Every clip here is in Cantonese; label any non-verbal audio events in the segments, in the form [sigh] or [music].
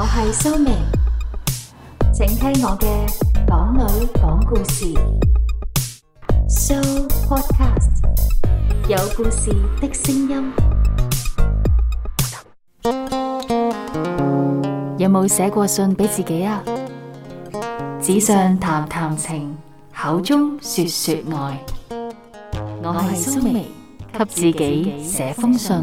我係蘇明，請聽我嘅港女講故事。So Podcast 有故事的聲音。有冇寫過信俾自己啊？紙上談談情，口中說說愛。我係蘇明，給自己寫封信。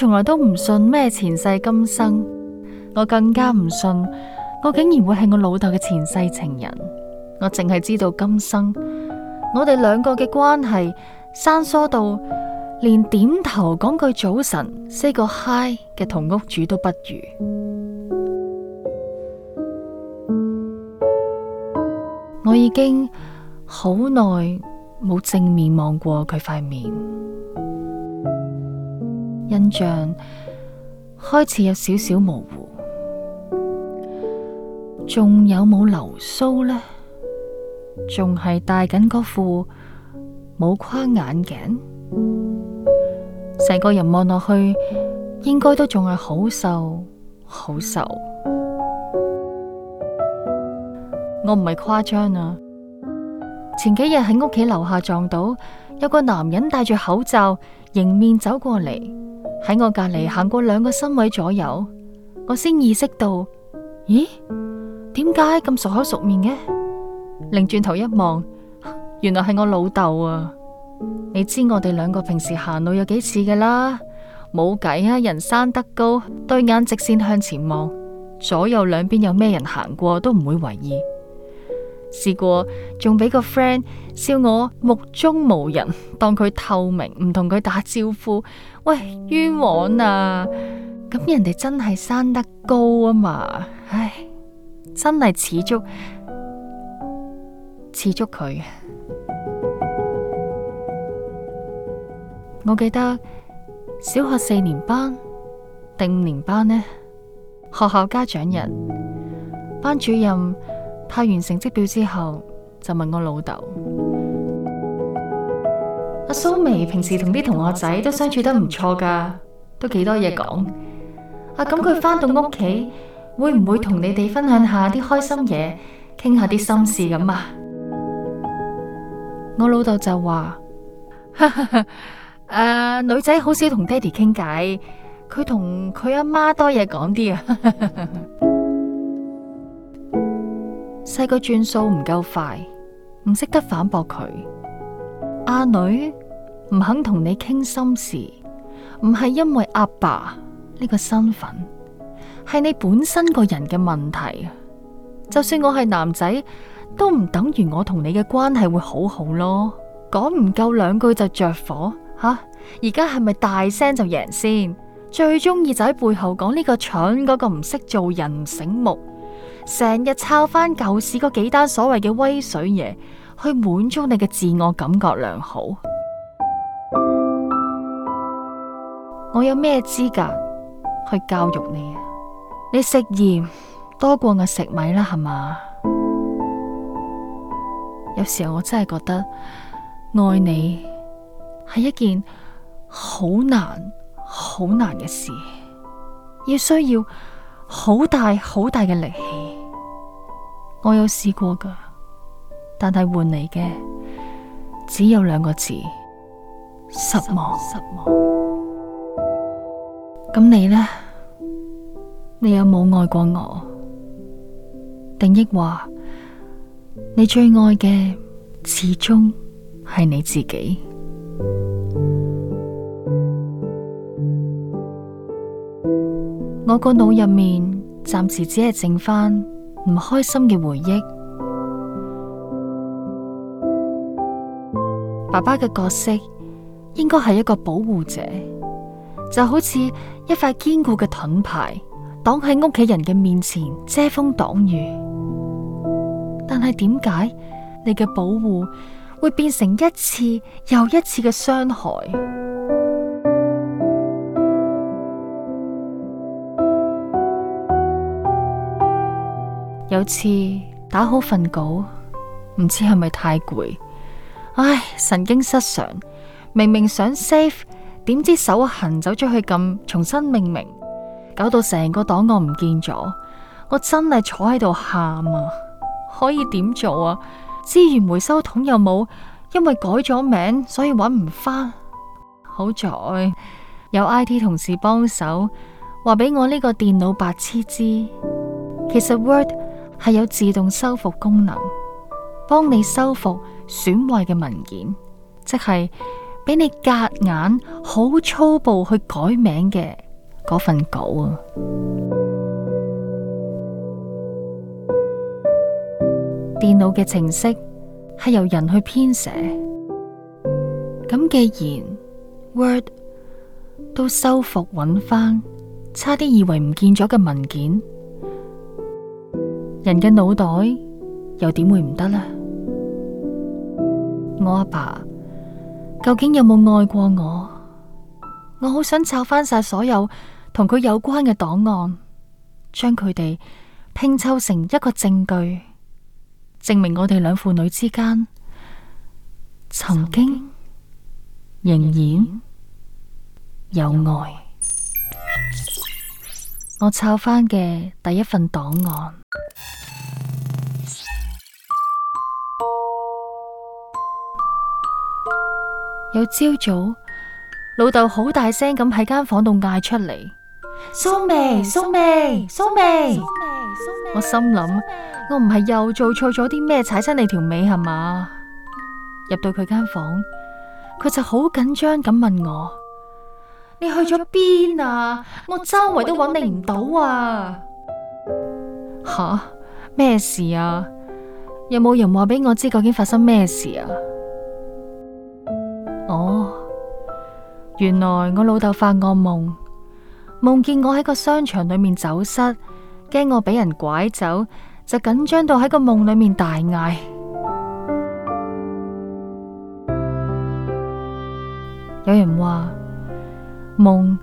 從來都唔信咩前世今生，我更加唔信我竟然會係我老豆嘅前世情人。我淨係知道今生我哋兩個嘅關係生疏到連點頭講句早晨 say 個 hi 嘅同屋主都不如。我已經好耐冇正面望過佢塊面。印象開始有少少模糊，仲有冇流蘇呢？仲係戴緊嗰副冇框眼鏡，成個人望落去應該都仲係好瘦，好瘦。我唔係誇張啊。前幾日喺屋企樓下撞到，有個男人戴住口罩迎面走過嚟。喺我隔籬行過兩個身位左右，我先意識到，咦，點解咁熟口熟面嘅？擰轉頭一望，原來係我老豆啊！你知我哋兩個平時行路有幾次㗎啦？冇計啊！人生得高，對眼直線向前望，左右兩邊有咩人行過都唔會為意。試過，仲俾個 friend 笑我目中無人，當佢透明，唔同佢打招呼。喂，冤枉啊！咁人哋真係生得高啊嘛。唉，真係始足，似足佢。我記得小學四年班定五年班呢，學校家長日，班主任。派完成績表之後，就問我老豆：阿蘇眉平時同啲同學仔都相處得唔錯噶，都幾多嘢講。啊，咁佢翻到屋企會唔會同你哋分享下啲開心嘢，傾下啲心事咁 [laughs] 啊？我老豆就話：誒，女仔好少同爹哋傾偈，佢同佢阿媽多嘢講啲啊。細個轉數唔夠快，唔識得反駁佢。阿女唔肯同你傾心事，唔係因為阿爸呢個身份，係你本身個人嘅問題。就算我係男仔，都唔等於我同你嘅關係會好好咯。講唔夠兩句就着火吓，而家係咪大聲就贏先？最中意就喺背後講呢個蠢，嗰個唔識做人，唔醒目。成日抄返舊時嗰幾單所謂嘅威水嘢，去滿足你嘅自我感覺良好。 [music] 我有咩資格去教育你？你食鹽多過我食米啦，係嘛？有時候我真係覺得愛你係一件好難、好難嘅事，要需要好大、好大嘅力氣。我有試過噶，但係換嚟嘅只有兩個字：失望。失望。咁你呢？你有冇愛過我？定益話你最愛嘅始終係你自己？我個腦入面暫時只係剩翻唔開心嘅回憶，爸爸嘅角色應該係一個保護者，就好似一塊堅固嘅盾牌，擋喺屋企人嘅面前遮風擋雨。但係點解你嘅保護會變成一次又一次嘅傷害？有次打好份稿，唔知係咪太攰，唉，神經失常。明明想 save，點知手痕走出去咁重新命名，搞到成個檔案唔見咗。我真係坐喺度喊啊！可以點做啊？資源回收桶又冇，因為改咗名，所以揾唔翻。好在有 IT 同事幫手，話俾我呢個電腦白痴知。其實 Word。係有自動修復功能，幫你修復損壞嘅文件，即係俾你隔硬好粗暴去改名嘅嗰份稿啊！ [music] 電腦嘅程式係由人去編寫，咁既然 Word 都修復揾翻，差啲以為唔見咗嘅文件。人嘅腦袋又點會唔得呢？我阿爸，爸究竟有冇愛過我？我好想抄翻晒所有同佢有關嘅檔案，將佢哋拼湊成一個證據，證明我哋兩父女之間曾經仍然有愛。我抄翻嘅第一份檔案。有朝早，老豆好大聲咁喺間房度嗌出嚟：蘇眉，蘇眉，蘇眉。我心諗，我唔係又做錯咗啲咩，踩親你條尾係嘛？入到佢間房，佢就好緊張咁問我：你去咗邊啊？我周圍都搵你唔到啊！吓，咩事啊？有冇人話俾我知究竟發生咩事啊？哦，原來我老豆發噩夢，夢見我喺個商場裏面走失，驚我俾人拐走，就緊張到喺個夢裏面大嗌。有人話夢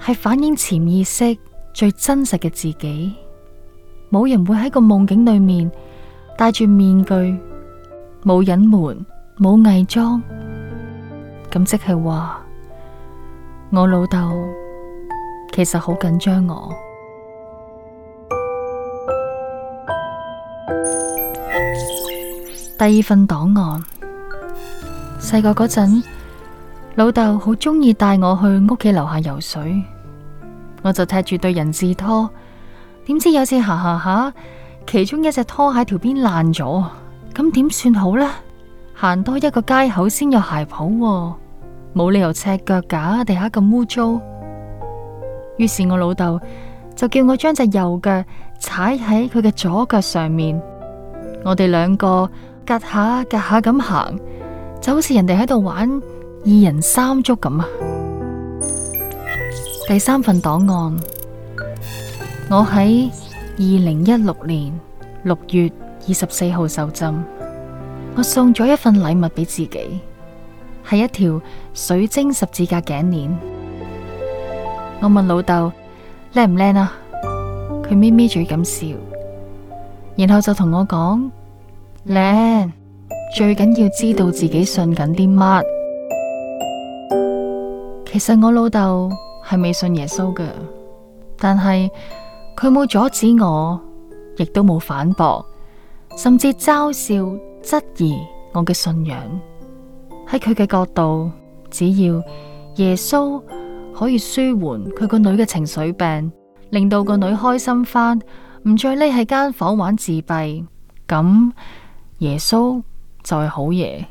係反映潛意識最真實嘅自己。冇人會喺個夢境裏面戴住面具，冇隱瞞，冇偽裝，咁即係話我老豆其實好緊張我。第二份檔案，細個嗰陣，老豆好鍾意帶我去屋企樓下游水，我就踢住對人字拖。點知有次行行下，其中一隻拖鞋條邊爛咗，咁點算好呢？行多一個街口先有鞋鋪啊，冇理由赤腳噶，地下咁污糟。於是我老豆就叫我將隻右腳踩喺佢嘅左腳上面，我哋兩個夾下夾下咁行，就好似人哋喺度玩二人三足咁啊！第三份檔案。我喺二零一六年六月二十四號受浸，我送咗一份禮物俾自己，係一條水晶十字架頸鏈。我問老豆靚唔靚啊？佢咪咪咪嘴咁笑，然後就同我講：靚，最緊要知道自己信緊啲乜。其實我老豆係未信耶穌嘅，但係。佢冇阻止我，亦都冇反駁，甚至嘲笑質疑我嘅信仰。喺佢嘅角度，只要耶穌可以舒緩佢個女嘅情緒病，令到個女開心翻，唔再匿喺間房玩自閉，咁耶穌就係好嘢。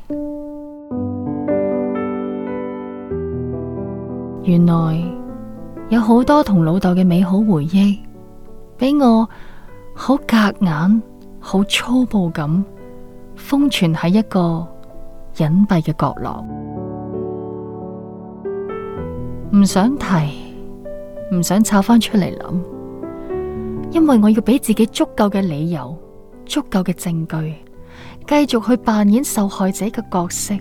原來有好多同老豆嘅美好回憶俾我好隔眼、好粗暴咁封存喺一個隱蔽嘅角落，唔想提，唔想炒翻出嚟諗，因為我要俾自己足夠嘅理由、足夠嘅證據，繼續去扮演受害者嘅角色。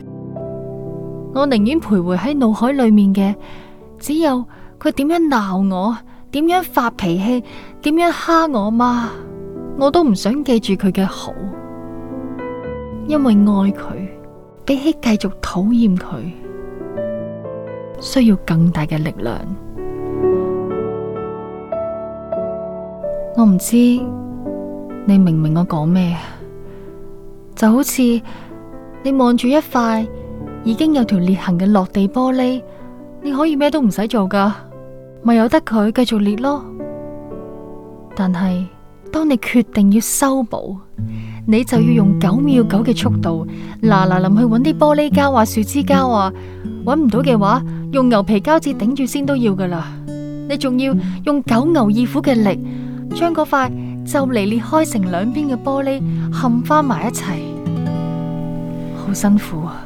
我寧願徘徊喺腦海裏面嘅，只有佢點樣鬧我。點樣發脾氣，點樣蝦我媽，我都唔想記住佢嘅好，因為愛佢，比起繼續討厭佢，需要更大嘅力量。 [noise] 我唔知你明唔明我講咩，就好似你望住一塊已經有條裂痕嘅落地玻璃，你可以咩都唔使做㗎。咪由得佢繼續裂咯。但係當你決定要修補，你就要用九秒九嘅速度，嗱嗱臨去搵啲玻璃膠啊、樹脂膠啊。搵唔到嘅話，用牛皮膠紙頂住先都要噶啦。你仲要用九牛二虎嘅力，將嗰塊就嚟裂開成兩邊嘅玻璃焊翻埋一齊。好辛苦啊。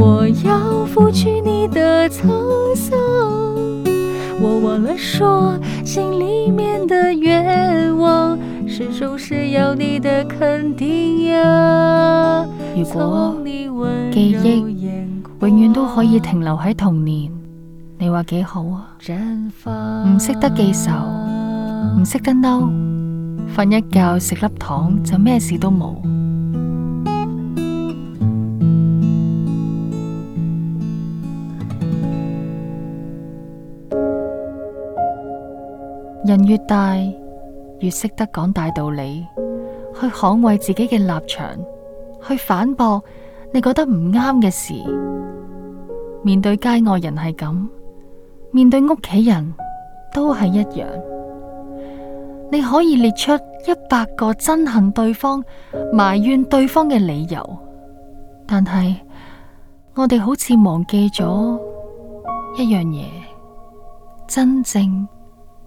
我要拂去你的滄桑。嗯，我忘了說，心裏面的願望始終是要你的肯定呀。如果記憶永遠都可以停留喺童年，你話幾好啊？唔識放得記仇，唔識得嬲，瞓一覺食粒糖就咩事都冇。人越大，越識得講大道理，去捍衛自己嘅立場，去反駁你覺得唔啱嘅事。面對街外人係咁，面對屋企人都係一樣。你可以列出一百個憎恨對方，埋怨對方嘅理由，但係我哋好似忘記咗一樣嘢，真正。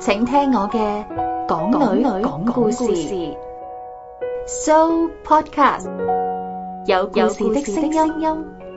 請聽我嘅港女講故事，講故事，So Podcast 有故事的聲音。